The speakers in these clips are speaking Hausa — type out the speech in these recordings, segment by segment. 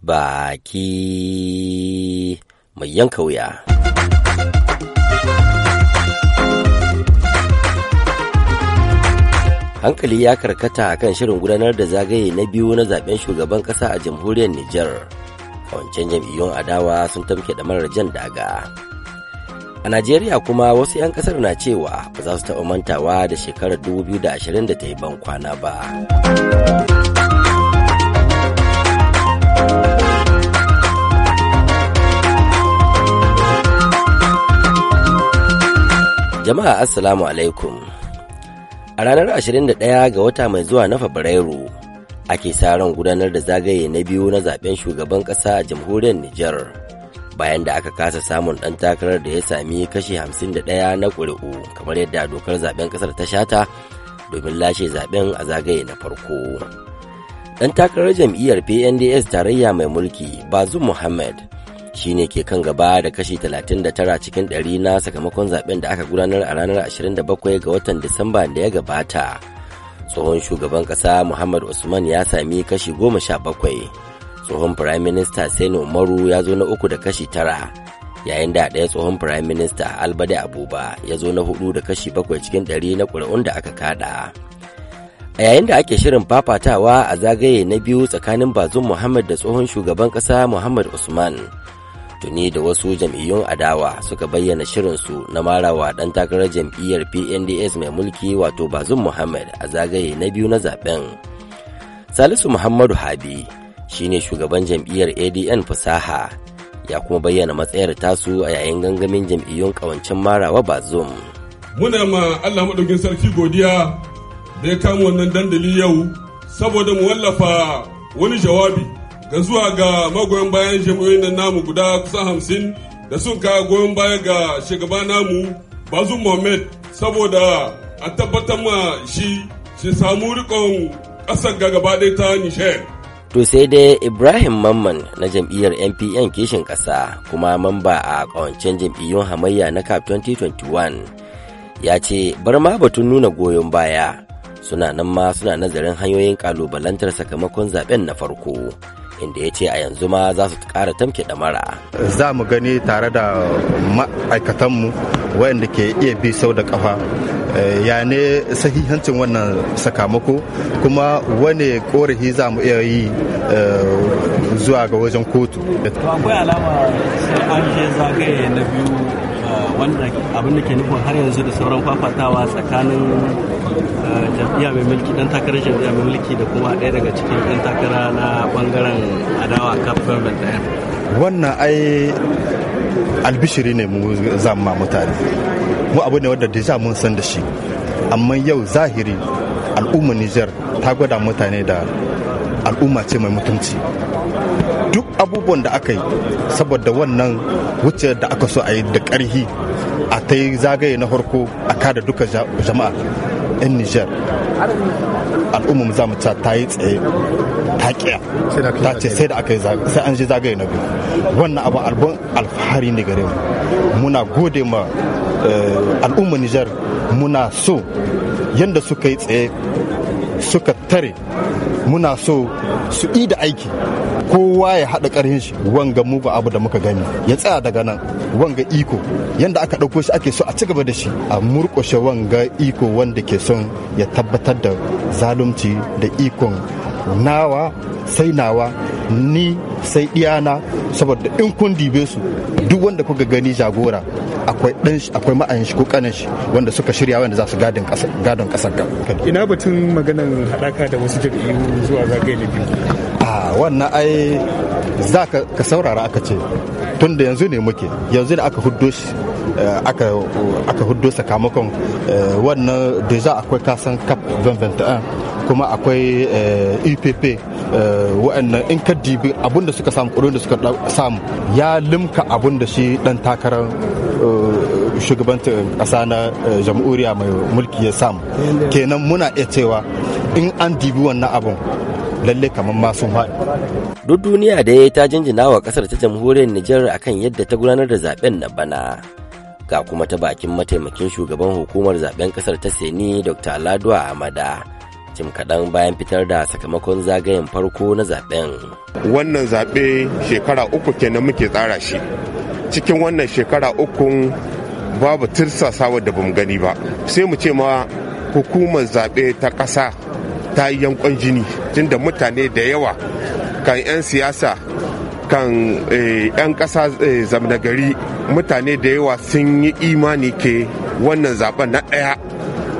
baki mai yanka wuya. Hankali ya karkata a kan shirin gudanar da zagaye na biyu na zaben shugaban ƙasa a jamhuriyar Nijar. A jam'iyyun adawa sun tamke da marar jan daga. A Najeriya kuma wasu 'yan ƙasar na cewa ba za su taɓa mantawa da shekarar 2020 da ta yi ban kwana ba. Jama'a Assalamu alaikum. A ranar 21 ga wata mai zuwa na Fabrairu ake sa ran gudanar da zagaye na biyu na zaben shugaban ƙasa a jamhuriyar Nijar bayan da aka kasa samun ɗan takarar da ya sami kashi 51 na ƙuri'u kamar yadda dokar zaben ƙasar ta shata domin lashe zaben a zagaye na farko. Ɗan takarar jam'iyyar PNDS tarayya mai mulki Bazu Muhammad shine ke kan gaba da kashi 39 cikin 100 na sakamakon zaben da aka gudanar a ranar 27 ga watan Disamba da ya gabata. Tsohon shugaban ƙasa Muhammad Usman ya sami kashi 17. Tsohon Prime minister Sani Umaru ya zo na uku da kashi tara. Yayin da ɗaya tsohon Prime Minister Albade Abuba ya zo na hudu da kashi bakwai cikin ɗari na ƙuri'un da aka kada. a yayin da ake shirin fafatawa a zagaye na biyu tsakanin bazun muhammad da tsohon shugaban ƙasa muhammad usman tuni da wasu jam'iyyun adawa suka bayyana shirinsu na marawa dan takarar jam'iyyar pnds mai mulki wato bazum muhammad a zagaye na biyu na zaben salisu muhammadu habi shine shugaban jam'iyyar adn fasaha ya kuma bayyana matsayar tasu a yayin gangamin jam'iyyun kawancin marawa bazum muna ma allah maɗaukin sarki godiya da ya kama wannan dandali yau saboda mu wallafa wani jawabi ga zuwa ga magoyan bayan jam'iyyun nan namu guda kusan hamsin da sun ka goyon baya ga shugaba namu bazu mohamed saboda a tabbatar ma shi shi samu rikon ƙasar ga gaba ta nishiyar To sai dai Ibrahim Mamman na jam'iyyar NPN kishin ƙasa kuma mamba a ƙawancen jam'iyyun hamayya na CAP 2021 ya ce bar ma batun nuna goyon baya suna nan ma suna nazarin hanyoyin ƙalubalantar sakamakon zaben na farko inda ya ce a yanzu ma za su ƙara tamke damara. Za mu gani tare da ma'aikatanmu waɗanda ke iya bi sau da ƙafa eh, ya ne sahihancin wannan sakamako kuma wane ƙorafi za mu iya yi eh, zuwa ga wajen kotu. Akwai alama an zagaye na biyu wanda abin da ke nufin har yanzu da sauran fafatawa tsakanin eh, jam'iyya mai mulki dan takarar jam'iyya mai mulki da kuma ɗaya daga cikin yan takara na bangaren adawa kaf government yan. wannan ai albishiri ne mu zama mutane mu abu ne wanda deja mun san da shi amma yau zahiri al'ummar niger ta gwada mutane da al'umma ce mai mutunci duk abubuwan da aka yi saboda wannan wuce da aka so a yi da ƙarhi a ta yi zagaye na harko a kada duka jama'a 'yan nijar al'ummar zamu ta ta yi tsaye ta kiya ta ce sai da aka yi sai an ji zagaye na biyu wannan abu albon alfahari ne gare mu muna gode ma eh, al'ummar nijar muna so yadda suka yi tsaye suka tare muna so su yi da aiki kowa ya haɗa ƙarfin shi wanga mu ba abu da muka gani ya tsaya daga nan wanga iko yanda aka ɗauko shi ake so a ci gaba da shi a murƙushe wanga iko wanda ke son ya tabbatar da zalunci da ikon nawa sai nawa ni sai diyana saboda in kun dibe su duk wanda kuka gani jagora akwai dan akwai ma'ayin shi ko kanin shi wanda suka shirya wanda za su gadin kasa gadon kasar ga ina batun maganan hadaka da wasu jami'u zuwa zagaye na biyu a wannan ai za ka saurara aka ce tun da yanzu ne muke yanzu da aka huddo shi eh, aka huddo sakamakon eh, wannan da za akwai kasan cap 2021 kuma akwai epp eh, e eh, wa'annan in ka dibi abun da suka samu kudin da suka samu ya limka abun da shi dan takarar eh, shugabantar kasa na jam'uriya mai mulki ya samu kenan muna iya cewa in an dibi wannan abun lalle kamar ma sun Duk duniya da ya ta jinjina wa kasar ta jamhuriyar Nijar akan yadda ta gudanar da zaben na bana. Ga kuma ta bakin mataimakin shugaban hukumar zaben kasar ta Seni Dr. Aladuwa Amada. jim kaɗan bayan fitar da sakamakon zagayen farko na zaben. Wannan zaɓe shekara uku kenan muke tsara shi. Cikin wannan shekara uku babu tirsasawa da bamu gani ba. Sai mu ce ma hukumar zaɓe ta ƙasa ta yi yankon jini tunda mutane da yawa kan 'yan siyasa kan 'yan eh, ƙasa eh, zamna mutane da yawa sun yi imani ke wannan zaben na ɗaya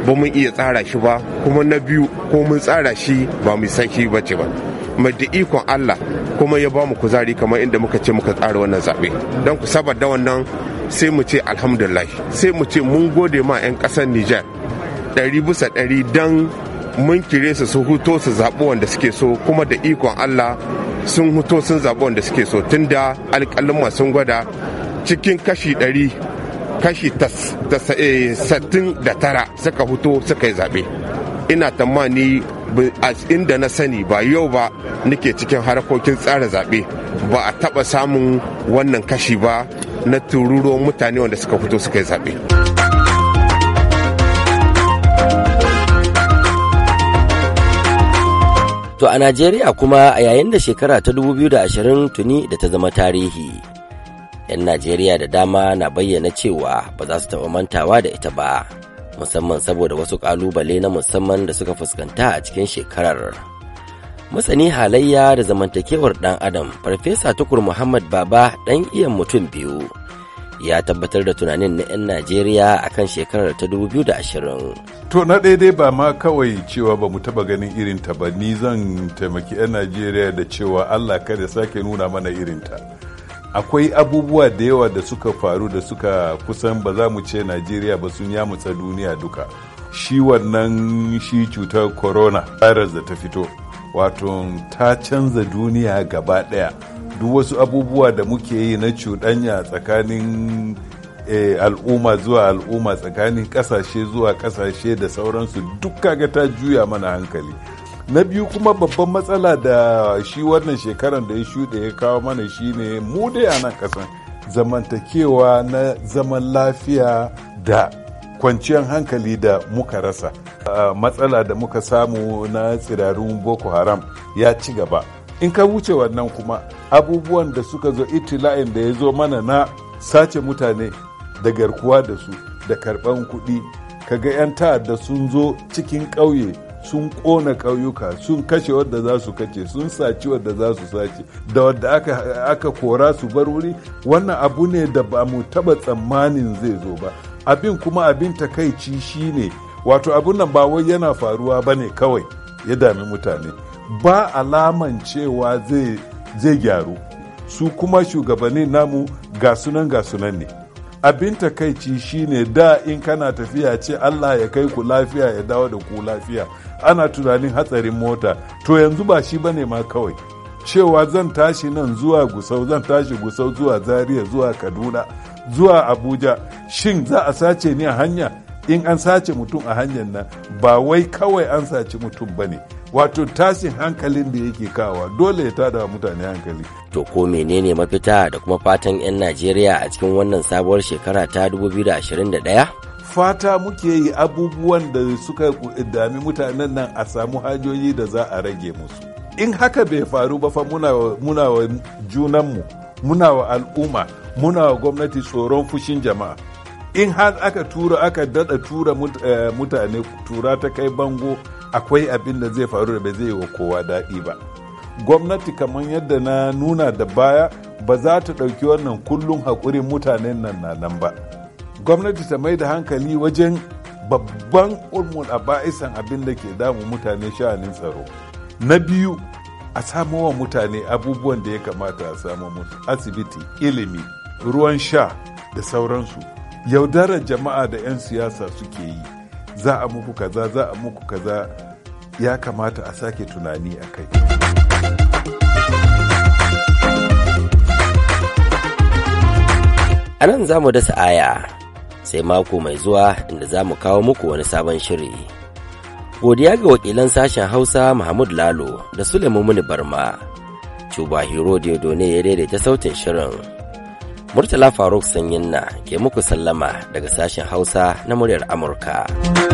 ba mun iya tsara shi ba kuma na biyu ko mun tsara shi ba mu san shi bace ba mai da ikon Allah kuma ya ba mu kuzari kamar inda muka ce muka tsara wannan zaɓe don ku saba da wannan sai mu ce alhamdulillah sai mu ce mun gode ma 'yan ƙasar Nijar ɗari bisa ɗari don mun kire su su huto su zaɓi wanda suke so kuma da ikon Allah sun huto sun zaɓi wanda suke so tunda alƙalin sun gwada cikin kashi ɗari kashi eh, da tara suka fito suka yi zaɓe ina tamani inda na sani ba yau ba nake cikin harkokin tsara zaɓe ba a taɓa samun wannan kashi ba na tururo mutane wanda suka fito suka yi zaɓe. To a Najeriya kuma a yayin da shekara ta 2020 tuni da ta zama tarihi. 'yan najeriya da dama na bayyana cewa ba za su taɓa mantawa da ita ba musamman saboda wasu ƙalubale na musamman da suka fuskanta a cikin shekarar masani halayya da zamantakewar ɗan adam farfesa tukur muhammad baba ɗan iyan mutum biyu ya tabbatar da tunanin na 'yan najeriya a kan shekarar ta 2020 to na daidai ba ma kawai cewa ba mu taba ganin irinta ba ni zan taimaki 'yan najeriya da cewa allah kada sake nuna mana irinta akwai abubuwa da yawa da suka faru da suka kusan ba za mu ce najeriya ba sun yamutsa duniya duka shi wannan shi cutar corona virus da ta fito wato ta canza duniya gaba daya duk wasu abubuwa da muke yi na cuɗanya tsakanin eh, al'umma zuwa al'umma tsakanin ƙasashe zuwa ƙasashe da sauransu duk kaga ta juya mana hankali na biyu kuma babban matsala da shi wannan shekaran da ya shuɗe ya kawo mana shi ne mu dai a nan ƙasan zamantakewa na zaman lafiya da kwanciyar hankali da muka rasa matsala da muka samu na tsirarun boko haram ya ci gaba in ka wuce wannan kuma abubuwan da suka zo itila'in da ya zo mana na sace mutane da garkuwa da su da karɓan kuɗi kaga 'yan ta'adda sun zo cikin ƙauye sun kona ƙauyuka sun kashe wadda za su kace sun saci wadda za su sace da wadda aka, kora su bar wuri wannan abu ne da ba mu taba tsammanin zai zo ba abin kuma abin takaici shine wato abin nan ba wai yana faruwa ba ne kawai ya dami mutane ba alaman cewa zai gyaru su kuma shugabanni namu ga sunan ga sunan ne abin takaici shine da in kana tafiya ce allah ya kai ku lafiya ya dawo da ku lafiya ana tunanin hatsarin mota to yanzu ba shi bane ma kawai cewa zan tashi nan zuwa gusau zan tashi gusau zuwa zaria zuwa kaduna zuwa abuja shin za a sace ni a hanya in an sace mutum a hanyar nan ba wai kawai an sace mutum ba ne wato tashin hankalin da yake kawa dole ya tada mutane hankali to ko menene mafita da kuma fatan 'yan najeriya a cikin wannan sabuwar shekara ta 2021 fata muke yi abubuwan da suka dami mutanen nan a samu hajoyi da za a rage musu in haka bai faru ba fa muna wa junanmu muna wa al'umma muna wa gwamnati tsoron fushin jama'a in har aka tura aka dada tura eh, mutane tura ta kai bango akwai abin da zai faru da bai zai wa kowa daɗi ba gwamnati kamar yadda na nuna da baya ba za ta ɗauki wannan kullum haƙurin mutanen nan na nan ba gwamnati ta mai da hankali wajen babban ulmul a ba'isan abin da ke damu mutane sha'anin tsaro na biyu a samuwa mutane abubuwan da ya kamata a samu musu asibiti ilimi ruwan sha da sauransu yaudarar jama'a da 'yan siyasa suke yi za a muku kaza za a muku kaza ya kamata a sake tunani a kai a nan za mu dasa aya sai mako mai zuwa inda za mu kawo muku wani sabon shiri. Godiya ga wakilan sashen Hausa Mahmud Lalo da sulemumuni Muni Barma, Cuba Hero ne ya daidaita sautin shirin. Murtala Faruk Sanyin na ke muku sallama daga sashen Hausa na muryar Amurka.